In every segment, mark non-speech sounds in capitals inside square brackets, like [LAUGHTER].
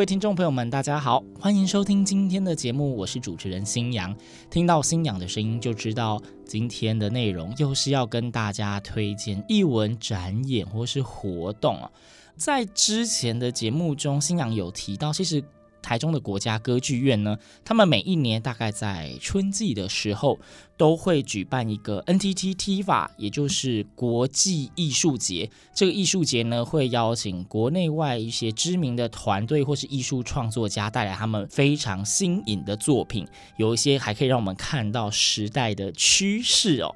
各位聽眾朋友們，大家好，歡迎收聽今天的節目，我是主持人新陽。聽到新陽的聲音，就知道今天的內容又是要跟大家推薦藝文展演或是活動啊。在之前的節目中，新陽有提到，其實。台中的國家歌劇院呢，他們每一年大概在春季的時候，都會舉辦一個 NTT-TIFA，也就是國際藝術節。這個藝術節呢，會邀請國內外一些知名的團隊或是藝術創作家，帶來他們非常新穎的作品，有一些還可以讓我們看到時代的趨勢哦。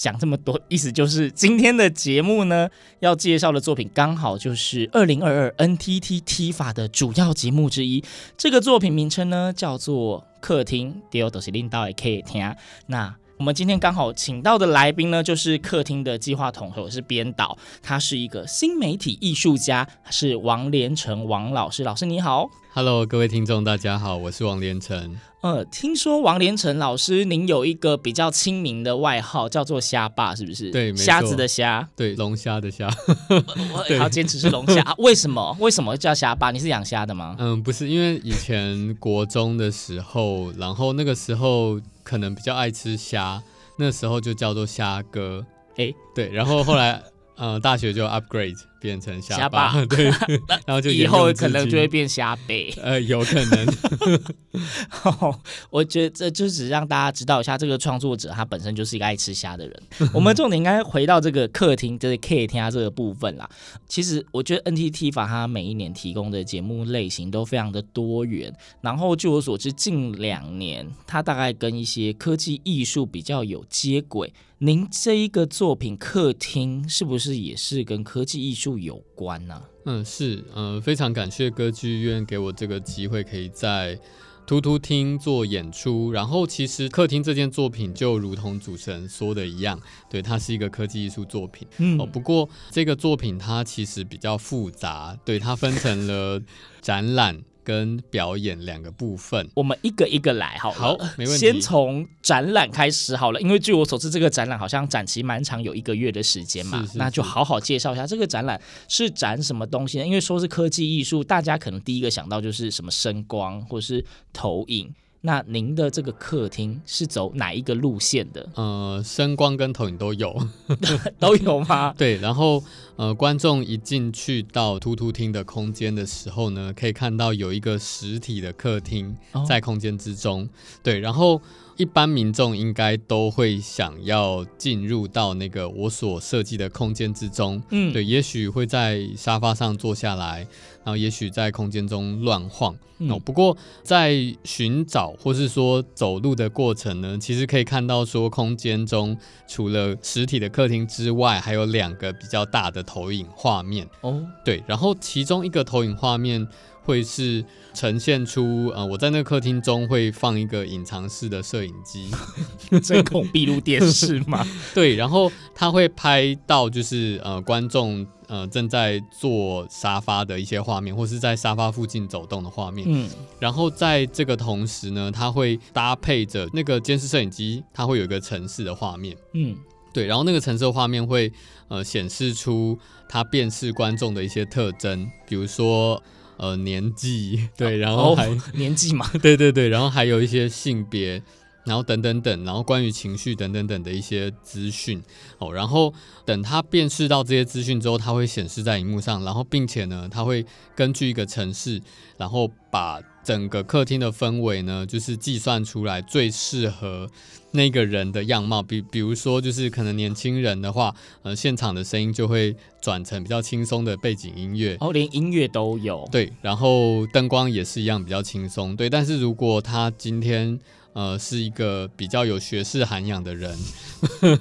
講這麼多，意思就是今天的節目呢，要介紹的作品剛好就是二零二二 NTT-TIFA 的主要節目之一。這個作品名稱呢，叫做《客廳》，對，都、就是領導的客廳。那。我們今天剛好請到的來賓呢，就是客廳的計劃統合。我是編導。他是一個新媒體藝術家，是王連晟王老師。老師你好，Hello，各位聽眾，大家好，我是王連晟。呃、嗯，聽說王連晟老師，您有一個比較親民的外號，叫做蝦爸，是不是？對，蝦子的蝦對，龍蝦的蝦， [LAUGHS] 我，我對他要堅持是龍蝦 [LAUGHS] 、啊。為什麼？為什麼叫蝦爸？你是養蝦的嗎？嗯，不是，因為以前國中的時候， [LAUGHS] 然後那個時候。可能比較愛吃蝦，那時候就叫做蝦哥，哎、欸，對，然後後來，嗯、 [LAUGHS] 呃，大學就 upgrade，變成蝦爸，巴對，然後就以後可能就會變蝦背。 [LAUGHS] 呃，有可能。 [LAUGHS] 我覺得這就是讓大家知道一下這個創作者，他本身就是一個愛吃蝦的人。嗯、我們重點應該回到這個客廳，就是 KT 這個部分啦。其實我覺得 NTT-TIFA，它每一年提供的節目類型都非常的多元。然後據我所知，近兩年它大概跟一些科技藝術比較有接軌。您這一個作品客廳是不是也是跟科技藝術？有關呢、啊？嗯，是，嗯、呃，非常感謝歌劇院給我這個機會，可以在凸凸廳做演出。然後，其實客廳這件作品就如同主持人說的一樣，對，它是一個科技藝術作品。嗯，哦，不過這個作品它其實比較複雜，對，它分成了展覽。 [LAUGHS] 跟表演兩個部分，我們一個一個來好，好，好，沒問題。先從展覽開始好了，因為據我所知，這個展覽好像展期蠻長，有一個月的時間嘛，是是是。那就好好介紹一下這個展覽是展什麼東西呢？因為說是科技藝術，大家可能第一個想到就是什麼聲光或是投影。那您的這個客廳是走哪一個路線的？呃，聲光跟投影都有， [LAUGHS] [LAUGHS] 都有嗎？對，然後呃，觀眾一進去到凸凸廳的空間的時候呢，可以看到有一個實體的客廳在空間之中，哦、對，然後。一般民眾應該都會想要進入到那個我所設計的空間之中，嗯，對，也許會在沙發上坐下來，然後也許在空間中亂晃，嗯，哦。不過在尋找或是說走路的過程呢，其實可以看到說空間中除了實體的客廳之外，還有兩個比較大的投影畫面，哦，對，然後其中一個投影畫面。會是呈現出呃，我在那個客廳中會放一個隱藏式的攝影機，針孔閉路電視嗎？對，然後它會拍到就是呃觀眾呃正在坐沙發的一些畫面，或是在沙發附近走動的畫面。嗯，然後在這個同時呢，它會搭配着那個監視攝影機，它會有一個程式的畫面。嗯，對，然後那個程式的畫面會呃顯示出它辨識觀眾的一些特徵，比如說。呃，年紀對，啊、然後還、哦、年紀嘛，對對對，然後還有一些性別，然後等等等，然後關於情緒等等等的一些資訊哦，然後等他辨識到這些資訊之後，它會顯示在熒幕上，然後並且呢，它會根據一個程式，然後把整個客廳的氛圍呢，就是計算出來最適合。那個人的樣貌，比比如說就是可能年輕人的話，呃，現場的聲音就會轉成比較輕鬆的背景音樂。哦，連音樂都有。對，然後燈光也是一樣比較輕鬆。對，但是如果他今天。呃，是一個比較有學識涵養的人， [LAUGHS]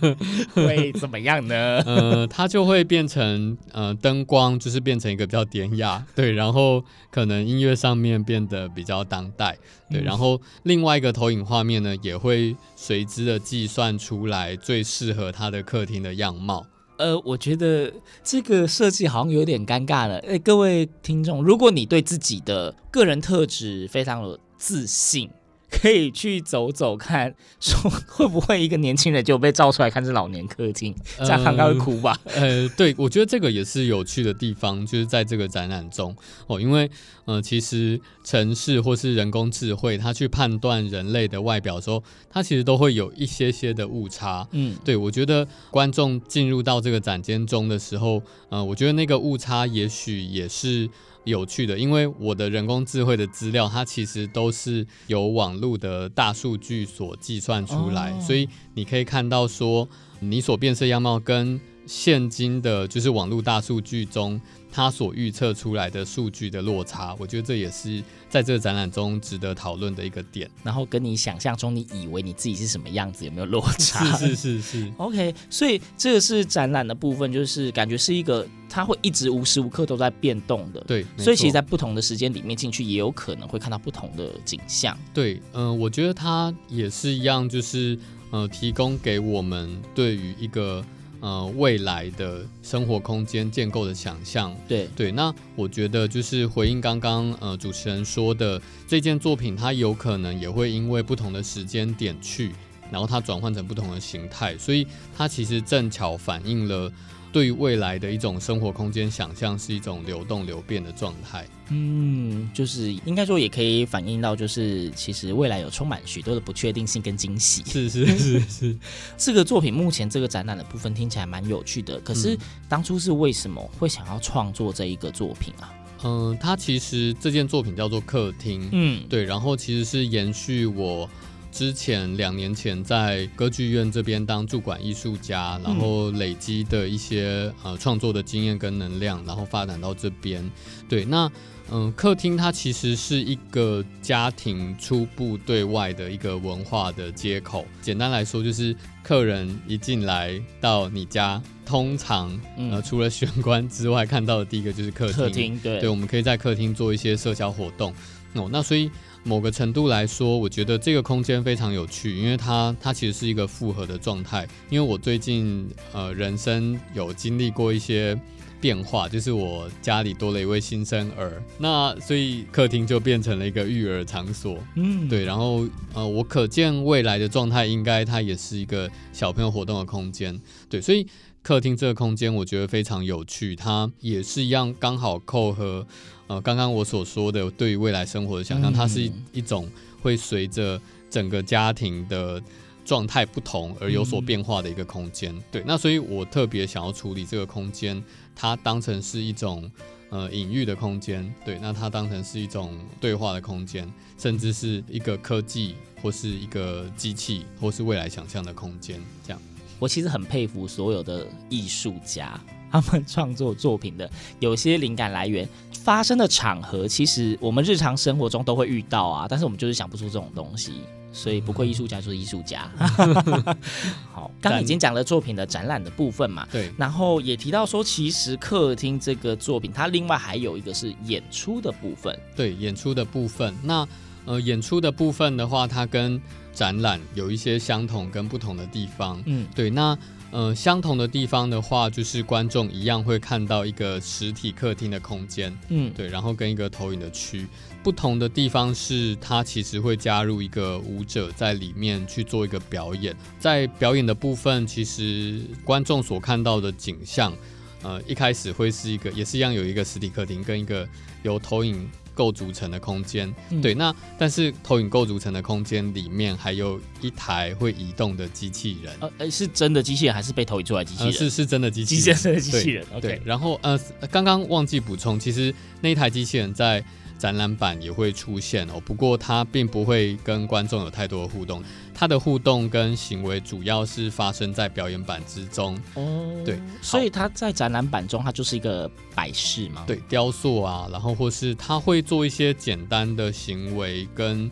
[LAUGHS] 會怎麼樣呢？ [LAUGHS] 呃，他就會變成呃，燈光就是變成一個比較典雅，對，然後可能音樂上面變得比較當代，對，嗯、然後另外一個投影畫面呢，也會隨之的計算出來最適合他的客廳的樣貌。呃，我覺得這個設計好像有點尷尬了。哎、欸，各位聽眾，如果你對自己的個人特質非常有自信。可以去走走看，說會不會一個年輕人就被照出來，看是老年客廳這樣，看到會哭吧呃？呃，對，我覺得這個也是有趣的地方，就是在這個展覽中哦，因為呃，其實城市或是人工智慧，它去判斷人類的外表的時候，它其實都會有一些些的誤差。嗯，對，我覺得觀眾進入到這個展間中的時候，呃，我覺得那個誤差也許也是。有趣的，因為我的人工智慧的資料，它其實都是由網絡的大數據所計算出來，哦、所以你可以看到說，你所變色樣貌跟。現今的，就是網絡大數據中，它所預測出來的數據的落差，我覺得這也是在這個展覽中值得討論的一個點。然後跟你想象中，你以為你自己是什麼樣子，有沒有落差？是，是是是是。OK，所以這個是展覽的部分，就是感覺是一個它會一直無時無刻都在變動的。對，所以其實在不同的時間裡面進去，也有可能會看到不同的景象。對，嗯，呃，我覺得它也是一樣，就是呃，提供給我們對於一個。呃，未來的生活空間建構的想象，對對，那我覺得就是回應剛剛呃主持人說的這件作品，它有可能也會因為不同的時間點去，然後它轉換成不同的形態，所以它其實正巧反映了。對於未來的一種生活空間想象是一種流動流變的狀態。嗯，就是應該說也可以反映到，就是其實未來有充滿許多的不確定性跟驚喜。是是是是是。 [LAUGHS] 這個作品目前這個展覽的部分聽起來蠻有趣的，可是當初是為什麼會想要創作這一個作品啊？嗯，它其實這件作品叫做客廳。嗯，對，然後其實是延續我。之前兩年前在歌劇院這邊當駐館藝術家，嗯、然後累積的一些呃創作的經驗跟能量，然後發展到這邊。對，那嗯、呃，客廳它其實是一個家庭初步對外的一個文化的接口。簡單來說，就是客人一進來到你家，通常、嗯、呃除了玄關之外，看到的第一個就是客廳。客廳，對，對，我們可以在客廳做一些社交活動。Oh, 那所以某個程度來說，我覺得這個空間非常有趣，因為它它其實是一個複合的狀態。因為我最近呃，人生有經歷過一些變化，就是我家裡多了一位新生兒，那所以客廳就變成了一個育兒場所。嗯，對，然後呃，我可見未來的狀態，應該它也是一個小朋友活動的空間。對，所以。客廳這個空間，我覺得非常有趣，它也是一樣剛好扣合，呃，剛剛我所說的對於未來生活的想象，它是一種會隨着整個家庭的狀態不同而有所變化的一個空間。嗯、對，那所以我特別想要處理這個空間，它當成是一種呃隱喻的空間，對，那它當成是一種對話的空間，甚至是一個科技或是一個機器或是未來想象的空間，這樣。我其實很佩服所有的藝術家，他們創作作品的有些靈感來源發生的場合，其實我們日常生活中都會遇到啊，但是我們就是想不出這種東西，所以不過藝術家就是藝術家。嗯、 [LAUGHS] [LAUGHS] 好，剛剛已經講了作品的展覽的部分嘛，對，然後也提到說，其實客廳這個作品，它另外還有一個是演出的部分，對，演出的部分那。呃，演出的部分的話，它跟展覽有一些相同跟不同的地方。嗯，對。那呃，相同的地方的話，就是觀眾一樣會看到一個實體客廳的空間。嗯，對。然後跟一個投影的區，不同的地方是它其實會加入一個舞者在裡面去做一個表演。在表演的部分，其實觀眾所看到的景象，呃，一開始會是一個，也是一樣有一個實體客廳跟一個有投影。構組成的空間，嗯、對，那但是投影構組成的空間裡面還有一台會移動的機器人，呃，是真的機器人還是被投影出來機器人？呃、是是真的機器人，機器人，機器人對 OK 然後呃，剛剛忘記補充，其實那一台機器人在展覽版也會出現哦，不過它並不會跟觀眾有太多的互動。他的互動跟行為主要是發生在表演版之中，嗯、對，所以他在展覽版中，他就是一個擺飾嘛，對，雕塑啊，然後或是他會做一些簡單的行為跟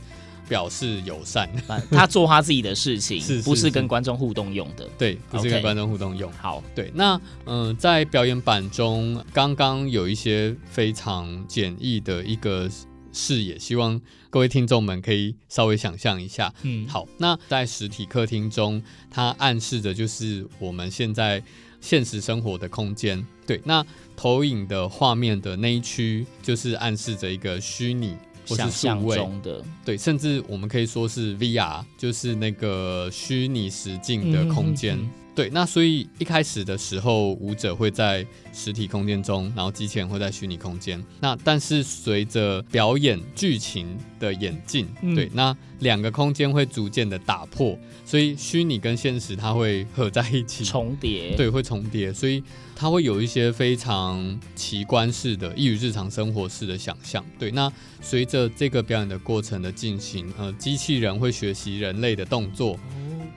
表示友善，他做他自己的事情， [LAUGHS] 是，是，是，不是跟觀眾互動用的？對，不是跟觀眾互動用。好，Okay. 對，那嗯、呃，在表演版中，剛剛有一些非常簡易的一個視野，希望。各位聽眾們可以稍微想象一下，嗯，好，那在實體客廳中，它暗示着就是我們現在現實生活的空間。對，那投影的畫面的內區，就是暗示着一個虛擬或是數位，想象中的，對，甚至我們可以說是 VR，就是那個虛擬實境的空間。嗯嗯嗯對，那所以一開始的時候，舞者會在實體空間中，然後機器人會在虛擬空間。那但是隨着表演劇情的演進，嗯、對，那兩個空間會逐漸的打破，所以虛擬跟現實它會合在一起，重疊，對，會重疊，所以它會有一些非常奇觀式的、異於日常生活式的想象。對，那隨着這個表演的過程的進行，呃，機器人會學習人類的動作。哦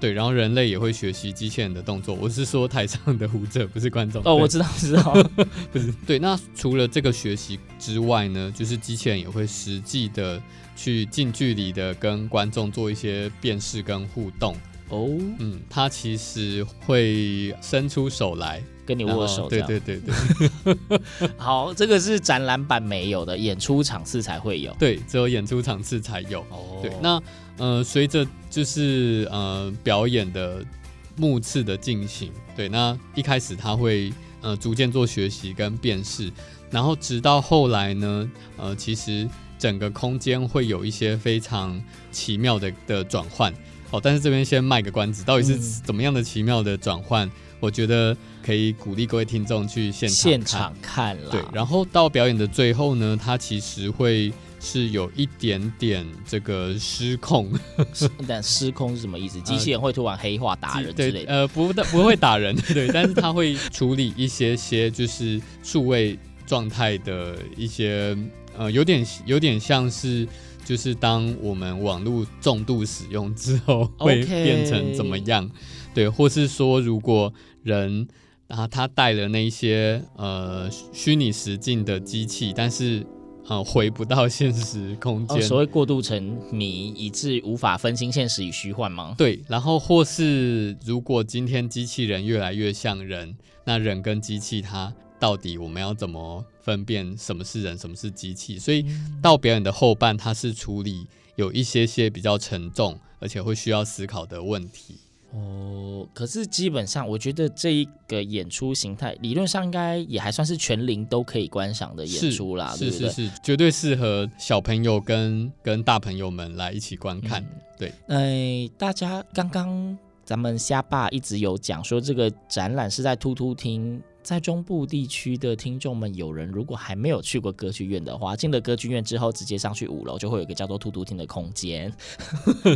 對，然後人類也會學習機器人的動作。我是說台上的舞者，不是觀眾。哦，我知道，知道， [LAUGHS] 不是對。那除了這個學習之外呢，就是機器人也會實際的去近距離的跟觀眾做一些辨識跟互動。哦，嗯，他其實會伸出手來跟你握手這樣。對對對對，哦。好，這個是展覽版沒有的，演出場次才會有。對，只有演出場次才有。哦，對，那。呃，隨着就是呃表演的目次的進行，對，那一開始他會呃逐漸做學習跟辨識，然後直到後來呢，呃，其實整個空間會有一些非常奇妙的的轉換。好，但是這邊先賣個關子，到底是怎麼樣的奇妙的轉換？嗯，我覺得可以鼓勵各位聽眾去現場現場看了。對，然後到表演的最後呢，他其實會。是有一點點這個失控，但失控是什麼意思？機器人會突然黑化打人之類？呃，對，呃，不，不會打人， [LAUGHS] 對，但是它會處理一些些，就是數位狀態的一些，呃，有點有點像是，就是當我們網絡重度使用之後會變成怎麼樣？Okay 對，或是說如果人啊他帶了那些呃虛擬實境的機器，但是。回不到現實空間。所謂過度沉迷，以致無法分清現實與虛幻嗎？對，然後或是如果今天機器人越來越像人，那人跟機器它到底我們要怎麼分辨什麼是人，什麼是機器？所以到表演的後半，它是處理有一些些比較沉重，而且會需要思考的問題。哦，可是基本上，我覺得這一個演出形態，理論上應該也還算是全齡都可以觀賞的演出啦，是，對不對？是是是，絕對適合小朋友跟跟大朋友們來一起觀看，嗯、對。哎，大家剛剛咱們蝦霸一直有講說，這個展覽是在凸凸廳。在中部地區的聽眾們，有人如果還沒有去過歌劇院的話，進了歌劇院之後，直接上去五樓就會有一個叫做“凸凸廳”的空間。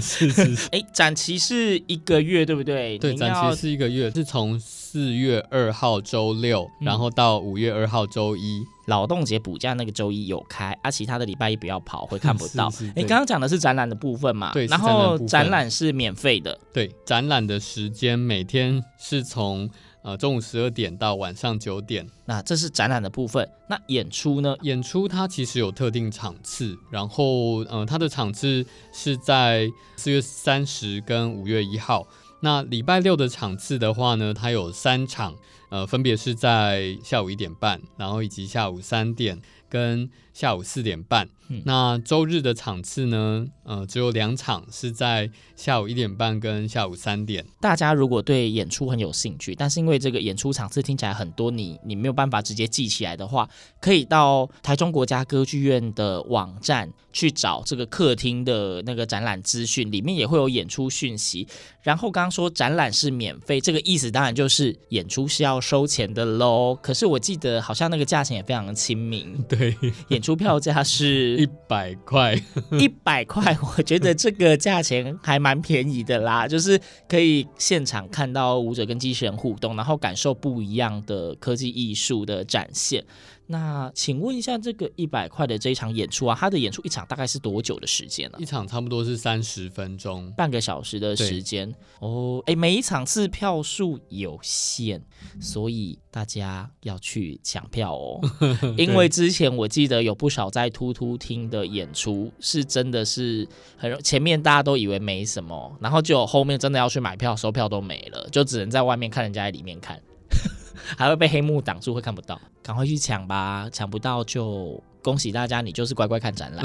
是是，是。哎、 [LAUGHS] 欸，展期是一個月，對不對？對，要展期是一個月，是從四月二號週六，嗯、然後到五月二號週一。勞動節補假那個週一有開，啊，其他的禮拜一不要跑，會看不到。哎、欸，剛剛講的是展覽的部分嘛？對。然後展覽，展，覽展覽是免費的。對，展覽的時間每天是從。呃，中午十二點到晚上九點，那這是展覽的部分。那演出呢？演出它其實有特定場次，然後，呃，它的場次是在四月三十跟五月一號。那禮拜六的場次的話呢，它有三場，呃，分別是在下午一點半，然後以及下午三點。跟下午四點半，嗯，那周日的場次呢？呃，只有兩場，是在下午一點半跟下午三點。大家如果對演出很有興趣，但是因為這個演出場次聽起來很多，你你沒有辦法直接記起來的話，可以到台中國家歌劇院的網站。去找這個客廳的那個展覽資訊，裡面也會有演出訊息。然後剛剛說展覽是免費，這個意思當然就是演出是要收錢的嘍。可是我記得好像那個價錢也非常的親民。對，演出票價是一百塊，一百 [LAUGHS] 塊，我覺得這個價錢還蠻便宜的啦，就是可以現場看到舞者跟機器人互動，然後感受不一樣的科技藝術的展現。那請問一下，這個一百塊的這一場演出啊，他的演出一場大概是多久的時間呢？啊？一場差不多是三十分鐘，半個小時的時間對哦。哎、欸，每一場次票數有限，嗯、所以大家要去搶票哦。 [LAUGHS] 對因為之前我記得有不少在凸凸廳的演出是真的是很，前面大家都以為沒什麼，然後就後面真的要去買票，收票都沒了，就只能在外面看，人家在裡面看。還會被黑幕擋住，會看不到。趕快去搶吧，搶不到就恭喜大家，你就是乖乖看展覽。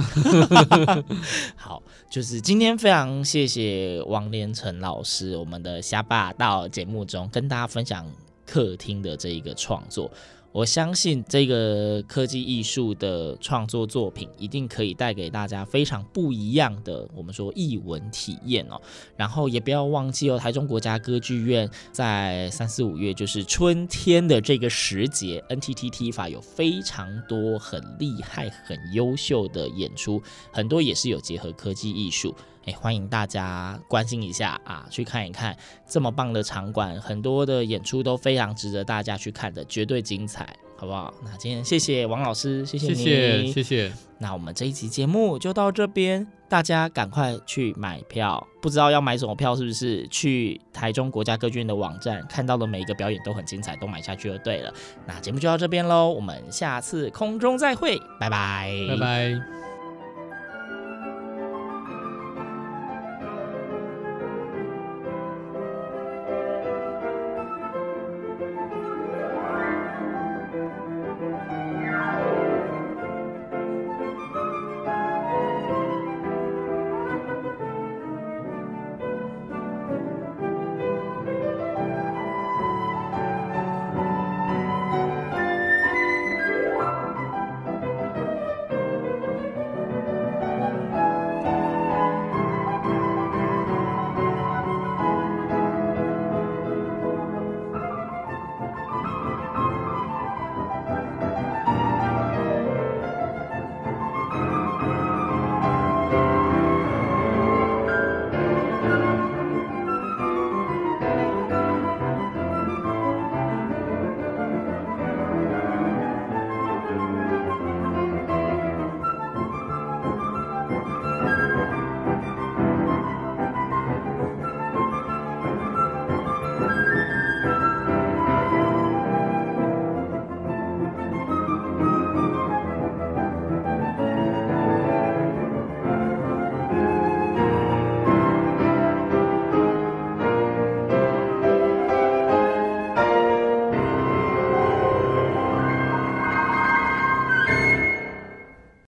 [LAUGHS] [LAUGHS] [LAUGHS] 好，就是今天非常謝謝王連晟老師，我們的蝦霸到節目中跟大家分享客廳的這一個創作。我相信這個科技藝術的創作作品一定可以帶給大家非常不一樣的，我們說藝文體驗哦。然後也不要忘記哦，台中國家歌劇院在三四五月就是春天的這個時節，NTT-TIFA 有非常多很厲害、很優秀的演出，很多也是有結合科技藝術。歡迎大家關心一下啊，去看一看這麼棒的場館，很多的演出都非常值得大家去看的，絕對精彩，好不好？那今天謝謝王老師，謝謝你，謝謝。謝謝，那我們這一集節目就到這邊，大家趕快去買票，不知道要買什麼票，是不是去台中國家歌劇院的網站看到的每一個表演都很精彩，都買下去就對了。那節目就到這邊嘍，我們下次空中再會，拜拜，拜拜。